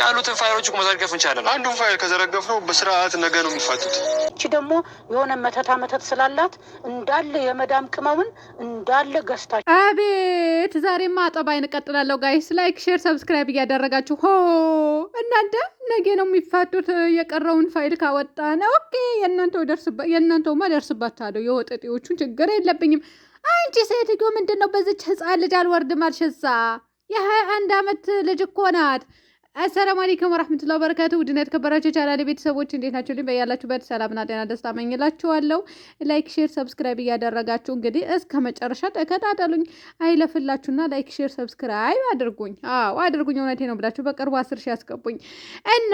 ያሉትን ፋይሎች መዘርገፍ እንቻለን። አንዱን ፋይል ነው በስርዓት ነገ ነው የሚፋቱት። እቺ ደግሞ የሆነ መተታ መተት ስላላት እንዳለ የመዳም ቅመምን እንዳለ ገዝታ አቤት! ዛሬማ አጠባይን እቀጥላለሁ። ጋይስ ላይክ፣ ሼር፣ ሰብስክራይብ እያደረጋችሁ ሆ እናንተ ነገ ነው የሚፋቱት። የቀረውን ፋይል ካወጣን ኦኬ፣ የእናንተው ደርስባ የእናንተውማ ደርስባታለሁ። የወጠጤዎቹን ችግር የለብኝም። አንቺ ሴትዮ ምንድን ነው በዚች ህፃን ልጅ አልወርድም አልሽ? እዛ የሀያ አንድ አመት ልጅ እኮ ናት። አሰላሙ አለይኩም ወራህመቱላሂ ወበረካቱ። ውድና የተከበራችሁ ቻናሌ ቤተሰቦች እንዴት ናችሁ? ልኝ በያላችሁበት ሰላምና ጤና ደስታ መኝላችኋለሁ። ላይክ፣ ሼር፣ ሰብስክራይብ እያደረጋችሁ እንግዲህ እስከ መጨረሻ ተከታተሉኝ። አይለፍላችሁና ላይክ፣ ሼር፣ ሰብስክራይብ አድርጉኝ። አዎ አድርጉኝ፣ እውነቴ ነው ብላችሁ በቅርቡ አስር ሺህ ያስገቡኝ እና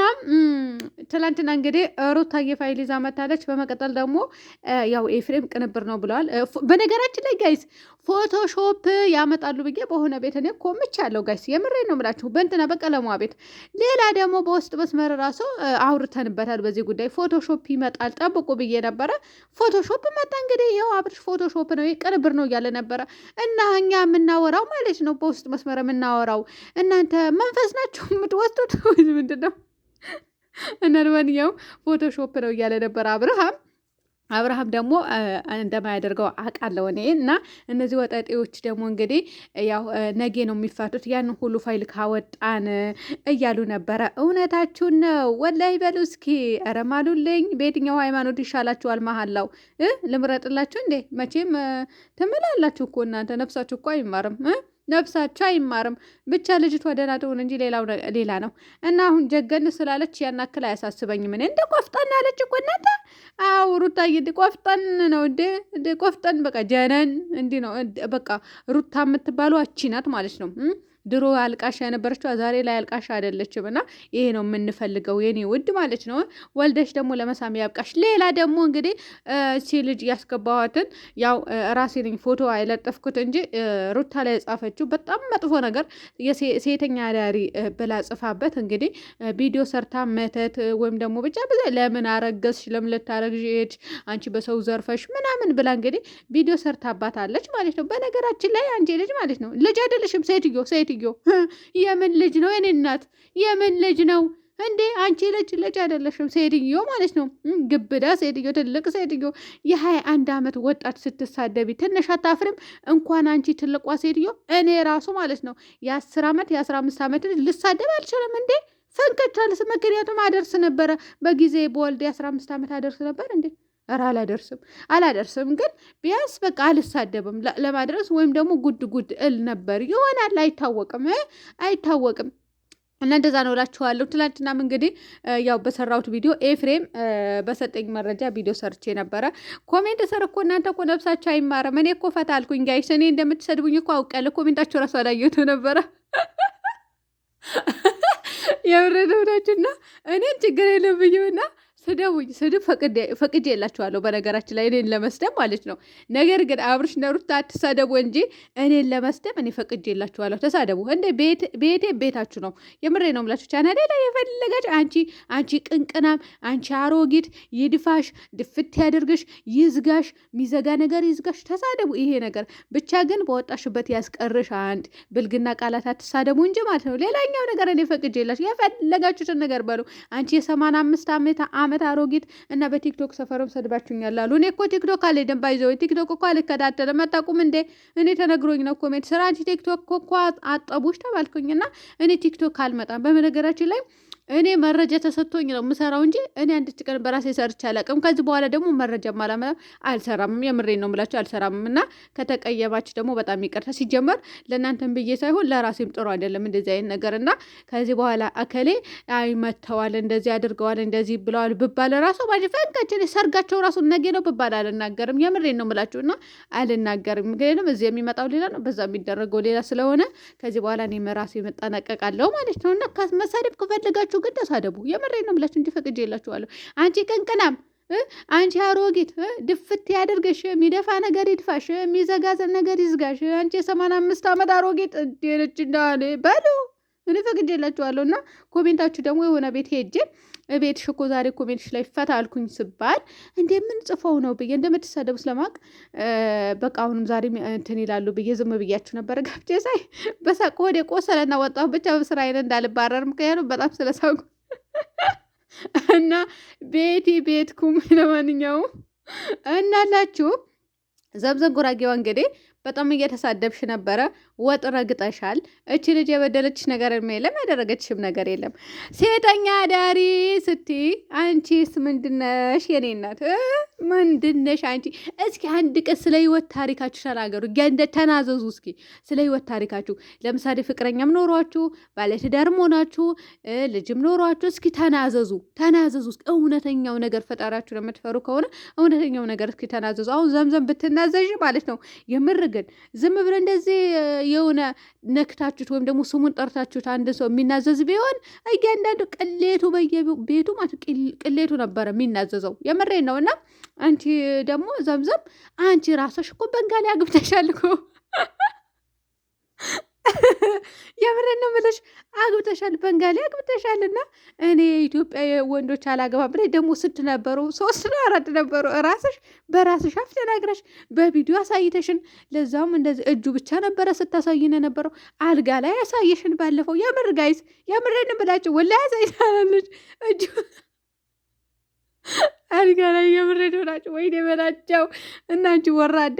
ትላንትና እንግዲህ ሩታዬ ፋይል ይዛ መታለች። በመቀጠል ደግሞ ያው ኤፍሬም ቅንብር ነው ብለዋል። በነገራችን ላይ ጋይስ ፎቶሾፕ ያመጣሉ ብዬ በሆነ ቤት እኔ ኮምቻለሁ ጋይስ፣ የምሬ ነው ብላችሁ በእንትና በቀለሟ ቤት ሌላ ደግሞ በውስጥ መስመር ራሱ አውርተንበታል በዚህ ጉዳይ። ፎቶሾፕ ይመጣል ጠብቁ ብዬ ነበረ። ፎቶሾፕ መጣ። እንግዲህ ይኸው አብርሽ ፎቶሾፕ ነው ቅንብር ነው እያለ ነበረ እና እኛ የምናወራው ማለት ነው በውስጥ መስመር የምናወራው እናንተ መንፈስ ናቸው የምትወስዱት ምንድን ነው? እና ለማንኛውም ፎቶሾፕ ነው እያለ ነበረ አብርሃም አብርሃም ደግሞ እንደማያደርገው አውቃለሁ እኔ እና እነዚህ ወጠጤዎች ደግሞ እንግዲህ ያው ነጌ ነው የሚፋቱት። ያን ሁሉ ፋይል ካወጣን እያሉ ነበረ። እውነታችሁን ነው ወላይ በሉ እስኪ ረማሉልኝ። ማሉልኝ። በየትኛው ሃይማኖት ይሻላችኋል? መሀላው ልምረጥላችሁ እንዴ? መቼም ትምላላችሁ እኮ እናንተ ነፍሳችሁ እኮ አይማርም። ነብሳቸው አይማርም። ብቻ ልጅቷ ደህና ትሁን እንጂ ሌላው ሌላ ነው። እና አሁን ጀገን ስላለች ያን ያክል አያሳስበኝም። እኔ እንደ ቆፍጠን ያለች እኮ እናንተ አው ሩታዬ እንደ ቆፍጠን ነው እንዴ? እንደ ቆፍጠን በቃ ጀነን እንዲህ ነው በቃ ሩታ የምትባሉ አቺናት ማለት ነው። ድሮ አልቃሻ የነበረችው ዛሬ ላይ አልቃሻ አይደለችም። እና ይሄ ነው የምንፈልገው የኔ ውድ ማለት ነው። ወልደሽ ደግሞ ለመሳም ያብቃሽ። ሌላ ደግሞ እንግዲህ እቺ ልጅ ያስገባዋትን ያው ራሴ ነኝ ፎቶ አይለጠፍኩት እንጂ ሩታ ላይ የጻፈችው በጣም መጥፎ ነገር ሴተኛ አዳሪ ብላ ጽፋበት እንግዲህ ቪዲዮ ሰርታ መተት ወይም ደግሞ ብቻ ብዛ ለምን አረገዝሽ ለምን ልታረግዥ ሄድሽ አንቺ በሰው ዘርፈሽ ምናምን ብላ እንግዲህ ቪዲዮ ሰርታባታለች ማለት ነው። በነገራችን ላይ አንቺ ልጅ ማለት ነው ልጅ አይደለሽም ሴትዮ ሴት ሴትዮ የምን ልጅ ነው? የኔ እናት የምን ልጅ ነው እንዴ? አንቺ ልጅ ልጅ አይደለሽም ሴትዮ ማለት ነው። ግብዳ ሴትዮ፣ ትልቅ ሴትዮ፣ የሀያ አንድ ዓመት ወጣት ስትሳደቢ ትንሽ አታፍርም? እንኳን አንቺ ትልቋ ሴትዮ እኔ ራሱ ማለት ነው የአስር ዓመት የአስራ አምስት ዓመት ልጅ ልሳደብ አልችልም እንዴ ፈንከቻልስ። ምክንያቱም አደርስ ነበረ በጊዜ በወልድ የአስራ አምስት ዓመት አደርስ ነበር እንዴ ኧረ አላደርስም አላደርስም፣ ግን ቢያንስ በቃ አልሳደብም ለማድረስ ወይም ደግሞ ጉድ ጉድ እል ነበር ይሆናል። አይታወቅም አይታወቅም። እና እንደዛ ነው እላችኋለሁ። ትላንትናም እንግዲህ ያው በሰራሁት ቪዲዮ ኤፍሬም በሰጠኝ መረጃ ቪዲዮ ሰርቼ ነበረ። ኮሜንት ስር እኮ እናንተ እኮ ነብሳቸው አይማርም። እኔ እኮ ፈታ አልኩኝ። ጋይስ እኔ እንደምትሰድቡኝ እኮ አውቃለሁ። ኮሜንታቸው ራሱ አላየሁት ነበረ የምረደውናችሁና እኔን ችግር የለብኝምና ስደውኝ ስድብ ፈቅጄ የላችኋለሁ። በነገራችን ላይ እኔን ለመስደብ ማለት ነው። ነገር ግን አብርሽ ነሩታ አትሳደቡ እንጂ እኔን ለመስደብ እኔ ፈቅጄ የላችኋለሁ። ተሳደቡ እንደ ቤቴ ቤታችሁ ነው። የምሬ ነው የምላችሁ። ቻናዴ ላይ የፈለገች አንቺ አንቺ ቅንቅናም አንቺ አሮጊት ይድፋሽ፣ ድፍት ያደርግሽ፣ ይዝጋሽ፣ ሚዘጋ ነገር ይዝጋሽ። ተሳደቡ። ይሄ ነገር ብቻ ግን በወጣሽበት ያስቀርሽ። አንድ ብልግና ቃላት አትሳደቡ እንጂ ማለት ነው። ሌላኛው ነገር እኔ ፈቅጄ የላችሁ የፈለጋችሁትን ነገር በሉ። አንቺ የሰማን አምስት ዓመት ዓመት አሮጊት እና በቲክቶክ ሰፈርም ሰድባችሁኛል አሉ። እኔ እኮ ቲክቶክ አልሄድም፣ ባይዘው ቲክቶክ እኮ አልከታተልም። መጣቁም እንዴ እኔ ተነግሮኝ ነው ኮሜንት ስራ አንቺ ቲክቶክ እኮ አጠቡሽ ተባልኩኝና እኔ ቲክቶክ አልመጣም። በነገራችን ላይ እኔ መረጃ ተሰጥቶኝ ነው የምሰራው እንጂ እኔ አንድ ቀን በራሴ ሰርቼ አላውቅም። ከዚህ በኋላ ደግሞ መረጃ ማላመ አልሰራም። የምሬ ነው የምላቸው አልሰራምም። እና ከተቀየማችሁ ደግሞ በጣም ይቅርታ። ሲጀመር ለእናንተም ብዬ ሳይሆን ለራሴም ጥሩ አይደለም እንደዚህ አይነት ነገር እና ከዚህ በኋላ አከሌ አይ መተዋል፣ እንደዚህ አድርገዋል፣ እንደዚህ ብለዋል ብባል ራሱ ፈንካችን ሰርጋቸው ራሱ ነገ ነው ብባል አልናገርም። የምሬ ነው የምላችሁ እና አልናገርም። ምክንያቱም እዚህ የሚመጣው ሌላ ነው፣ በዛ የሚደረገው ሌላ ስለሆነ ከዚህ በኋላ እኔ ራሴ መጠናቀቃለሁ ማለት ነው እና መሳደብ ከፈለጋችሁ ከፈለጋችሁ ግን ተሳደቡ። የምሬ ነው ብላችሁ እንዲፈቅድ የላችኋለሁ። አንቺ ቅንቅናም አንቺ አሮጊት ድፍት ያደርገሽ፣ የሚደፋ ነገር ይድፋሽ፣ የሚዘጋዘን ነገር ይዝጋሽ። አንቺ የሰማንያ አምስት ዓመት አሮጊት እንዴ ነች እንዳለ በሉ እኔ ፈቅጄላችኋለሁ። እና ኮሜንታችሁ ደግሞ የሆነ ቤት ሄጄ ቤትሽ ሽኮ ዛሬ ኮሜንትሽ ላይ ፈታ አልኩኝ ስባል ጽፈው ነው ብዬ እንደምትሳደቡ ስለማቅ በቃ አሁንም ዛሬ እንትን ይላሉ ብዬ ዝም ብያችሁ ነበረ። ጋብቼ ሳይ በሳቅ ወደ ቆሰለና ወጣሁ። ብቻ በስራ አይነ እንዳልባረር ምክንያቱም በጣም ስለሳቁ እና ቤቲ ቤትኩም ለማንኛውም እናላችሁ ዘብዘብ ጉራጌዋ እንግዲህ በጣም እየተሳደብሽ ነበረ። ወጥ ረግጠሻል። እቺ ልጅ የበደለችሽ ነገር የለም፣ ያደረገችሽም ነገር የለም። ሴተኛ አዳሪ ስቲ አንቺስ ምንድነሽ? የኔ እናት ምንድነሽ አንቺ? እስኪ አንድ ቀን ስለ ህይወት ታሪካችሁ ተናገሩ። ገንደ ተናዘዙ። እስኪ ስለ ህይወት ታሪካችሁ ለምሳሌ ፍቅረኛም ኖሯችሁ ባለትዳርም ሆናችሁ ልጅም ኖሯችሁ እስኪ ተናዘዙ፣ ተናዘዙ። እስኪ እውነተኛው ነገር ፈጣሪያችሁ ለምትፈሩ ከሆነ እውነተኛው ነገር እስኪ ተናዘዙ። አሁን ዘምዘም ብትናዘዥ ማለት ነው። የምር ግን ዝም ብለ እንደዚህ የሆነ ነክታችሁት ወይም ደግሞ ስሙን ጠርታችሁት አንድ ሰው የሚናዘዝ ቢሆን እያንዳንዱ ቅሌቱ በየቤቱ ማለት ቅሌቱ ነበረ የሚናዘዘው የምሬን ነው እና አንቺ ደግሞ ዘምዘም አንቺ ራሶሽ እኮ በንጋሊ አግብተሻል እኮ ነው ምልሽ አግብተሻል፣ በንጋሊ አግብተሻል። እና እኔ የኢትዮጵያ ወንዶች አላገባም ብለሽ ደግሞ ስንት ነበሩ? ሶስት ነው አራት ነበሩ። ራስሽ በራስሽ አፍ ተናግረሽ በቪዲዮ አሳይተሽን፣ ለዛውም እንደዚህ እጁ ብቻ ነበረ ስታሳይን ነበረው። አልጋ ላይ ያሳየሽን ባለፈው። የምር ጋይስ፣ የምርን ብላችሁ ወላ ያሳይታለች እጁ አልጋ ላይ የምሬድ ሆናቸው ወይ በላቸው እና እንጂ ወራዳ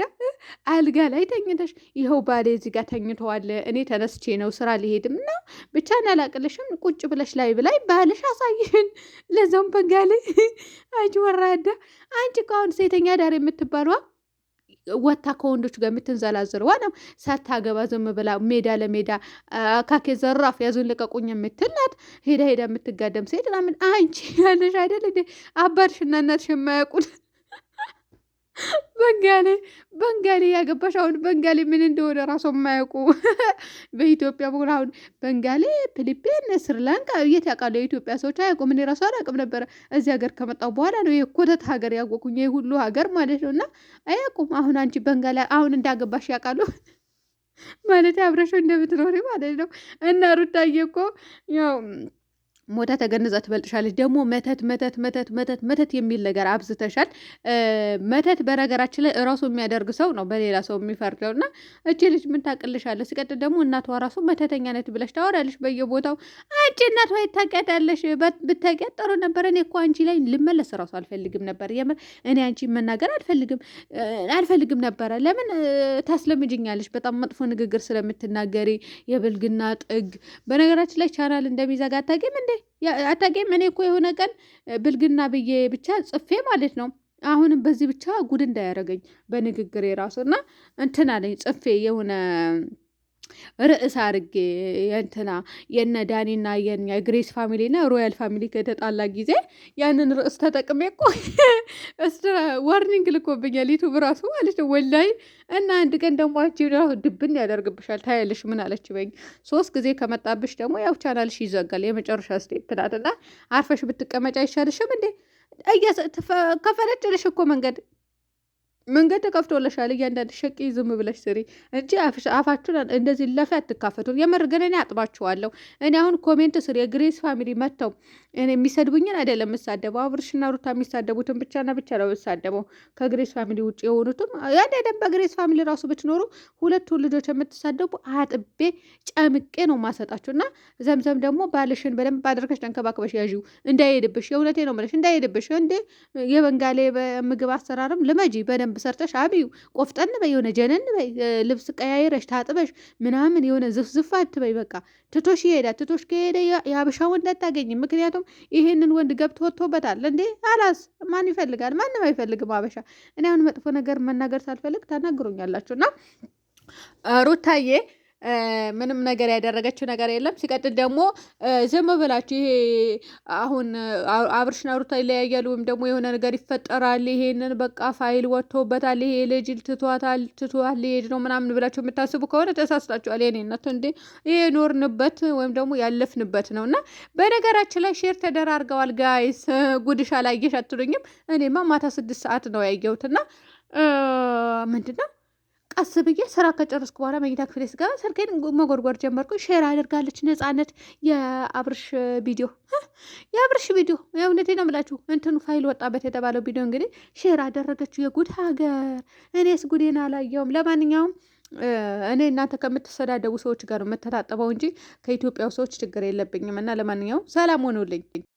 አልጋ ላይ ተኝተሽ ይኸው ባሌ እዚህ ጋር ተኝተዋል። እኔ ተነስቼ ነው ስራ ሊሄድም ነው ብቻ አላቅልሽም። ቁጭ ብለሽ ላይ ብላይ ባልሽ አሳይሽን ለዛውም በጋ ላይ አንቺ ወራዳ አንቺ እኮ አሁን ሴተኛ ዳር የምትባሏ ወታ ከወንዶች ጋር የምትንዘላዘል ዋና ሳታገባ ዝም ብላ ሜዳ ለሜዳ ካኬ ዘራፍ ያዙን ልቀቁኝ የምትል ሄዳ ሄዳ የምትጋደም ሴት ምናምን አንቺ ያለሽ አይደል እንዴ አባትሽና እናትሽ የማያውቁት በንጋሌ በንጋሌ ያገባሽ አሁን በንጋሌ ምን እንደሆነ ራሱ የማያውቁ በኢትዮጵያ በኩል አሁን በንጋሌ፣ ፊሊፒን፣ ስሪላንካ የት ያውቃሉ? የኢትዮጵያ ሰዎች አያውቁም። እኔ ራሱ አላውቅም ነበረ። እዚህ ሀገር ከመጣሁ በኋላ ነው የኮተት ሀገር ያወቁኝ የሁሉ ሀገር ማለት ነው። እና አያውቁም። አሁን አንቺ በንጋሌ አሁን እንዳገባሽ ያውቃሉ ማለት አብረሽው እንደምትኖሪ ማለት ነው። እና ሩታዬ እኮ ያው ሞታ ተገንዛ ትበልጥሻለች። ደግሞ መተት መተት መተት መተት መተት የሚል ነገር አብዝተሻል። መተት በነገራችን ላይ እራሱ የሚያደርግ ሰው ነው በሌላ ሰው የሚፈርደው እና እቺ ልጅ ምን ታቅልሻለች? ሲቀጥል ደግሞ እናቷ ራሱ መተተኛ ነት ብለሽ ታወራለሽ በየቦታው። አንቺ እናቷ ታውቂያታለሽ፣ ብታውቂያት ጥሩ ነበር። እኔ እኮ አንቺ ላይ ልመለስ እራሱ አልፈልግም ነበር። የምር እኔ አንቺ መናገር አልፈልግም አልፈልግም ነበረ። ለምን ታስለምጅኛለሽ? በጣም መጥፎ ንግግር ስለምትናገሪ የብልግና ጥግ። በነገራችን ላይ ቻናል እንደሚዘጋ አታውቂም እንደ አታውቂም? እኔ እኮ የሆነ ቀን ብልግና ብዬ ብቻ ጽፌ ማለት ነው። አሁንም በዚህ ብቻ ጉድ እንዳያደርገኝ በንግግር የራሱ እና እንትን አለኝ ጽፌ የሆነ ርዕስ አድርጌ የእንትና የነ ዳኒና የግሬስ ፋሚሊና ሮያል ፋሚሊ ከተጣላ ጊዜ ያንን ርዕስ ተጠቅሜ እኮ ዋርኒንግ ልኮብኛል። ዩቱብ ራሱ ማለት ነው ወላይ እና አንድ ቀን ደግሞ ድብን ያደርግብሻል ታያለሽ። ምን አለች በኝ ሶስት ጊዜ ከመጣብሽ ደግሞ ያው ቻናልሽ ይዘጋል። የመጨረሻ ስቴፕ ናትና አርፈሽ ብትቀመጫ አይሻልሽም እንዴ? ከፈለጭልሽ እኮ መንገድ መንገድ ተከፍቶለሻል። እያንዳንድ ሸቂ ዝም ብለሽ ስሪ እንጂ አፋችሁን እንደዚህ ለፊ አትካፈቱ። የምር ግን እኔ አጥባችኋለሁ። እኔ አሁን ኮሜንት ስር የግሬስ ፋሚሊ መጥተው እኔ የሚሰድቡኝን አይደለም የምሳደበው፣ አብርሽና ሩታ የሚሳደቡትን ብቻና ብቻ ነው የምሳደበው። ከግሬስ ፋሚሊ ውጭ የሆኑትም አይደለም። በግሬስ ፋሚሊ ራሱ ብትኖሩ ሁለቱን ልጆች የምትሳደቡ አጥቤ ጨምቄ ነው ማሰጣችሁ። እና ዘምዘም ደግሞ ባልሽን በደንብ አድርገሽ ተንከባክበሽ ያዥው እንዳይሄድብሽ። የእውነቴ ነው የምልሽ እንዳይሄድብሽ። እንዴ የበንጋሌ ምግብ አሰራርም ልመጂ በደንብ በደንብ ሰርተሽ አብዩ፣ ቆፍጠን በይ፣ የሆነ ጀነን በይ፣ ልብስ ቀያይረሽ ታጥበሽ ምናምን የሆነ ዝፍዝፍ አትበይ። በቃ ትቶሽ ይሄዳል። ትቶሽ ከሄደ የሀበሻ ወንድ አታገኝም። ምክንያቱም ይሄንን ወንድ ገብቶ ወጥቶበታል እንዴ። አላስ ማን ይፈልጋል? ማንም አይፈልግም ሀበሻ። እኔ አሁን መጥፎ ነገር መናገር ሳልፈልግ ተናግሮኛላችሁ እና ሩታዬ ምንም ነገር ያደረገችው ነገር የለም። ሲቀጥል ደግሞ ዝም ብላችሁ ይሄ አሁን አብርሽና ሩታ ይለያያሉ ወይም ደግሞ የሆነ ነገር ይፈጠራል፣ ይሄንን በቃ ፋይል ወጥቶበታል፣ ይሄ ልጅ ትቷታል፣ ትቷል፣ ሊሄድ ነው ምናምን ብላችሁ የምታስቡ ከሆነ ተሳስታችኋል። የኔነት እንዴ ይሄ ኖርንበት ወይም ደግሞ ያለፍንበት ነው እና በነገራችን ላይ ሼር ተደራርገዋል። ጋይስ ጉድሻ ላይ አየሽ አትሉኝም? እኔማ ማታ ስድስት ሰዓት ነው ያየሁትና ምንድን ነው ቀስ ብዬ ስራ ከጨረስኩ በኋላ መኝታ ክፍሌ ስገባ ስልኬን መጎርጎር ጀመርኩ። ሼር አድርጋለች ነፃነት የአብርሽ ቪዲዮ የአብርሽ ቪዲዮ የእውነቴ ነው ምላችሁ እንትኑ ፋይል ወጣበት የተባለው ቪዲዮ እንግዲህ ሼር አደረገችው። የጉድ ሀገር! እኔስ ጉዴን አላየውም። ለማንኛውም እኔ እናንተ ከምትሰዳደቡ ሰዎች ጋር ነው የምተታጠበው እንጂ ከኢትዮጵያው ሰዎች ችግር የለብኝም። እና ለማንኛውም ሰላም ሆኖልኝ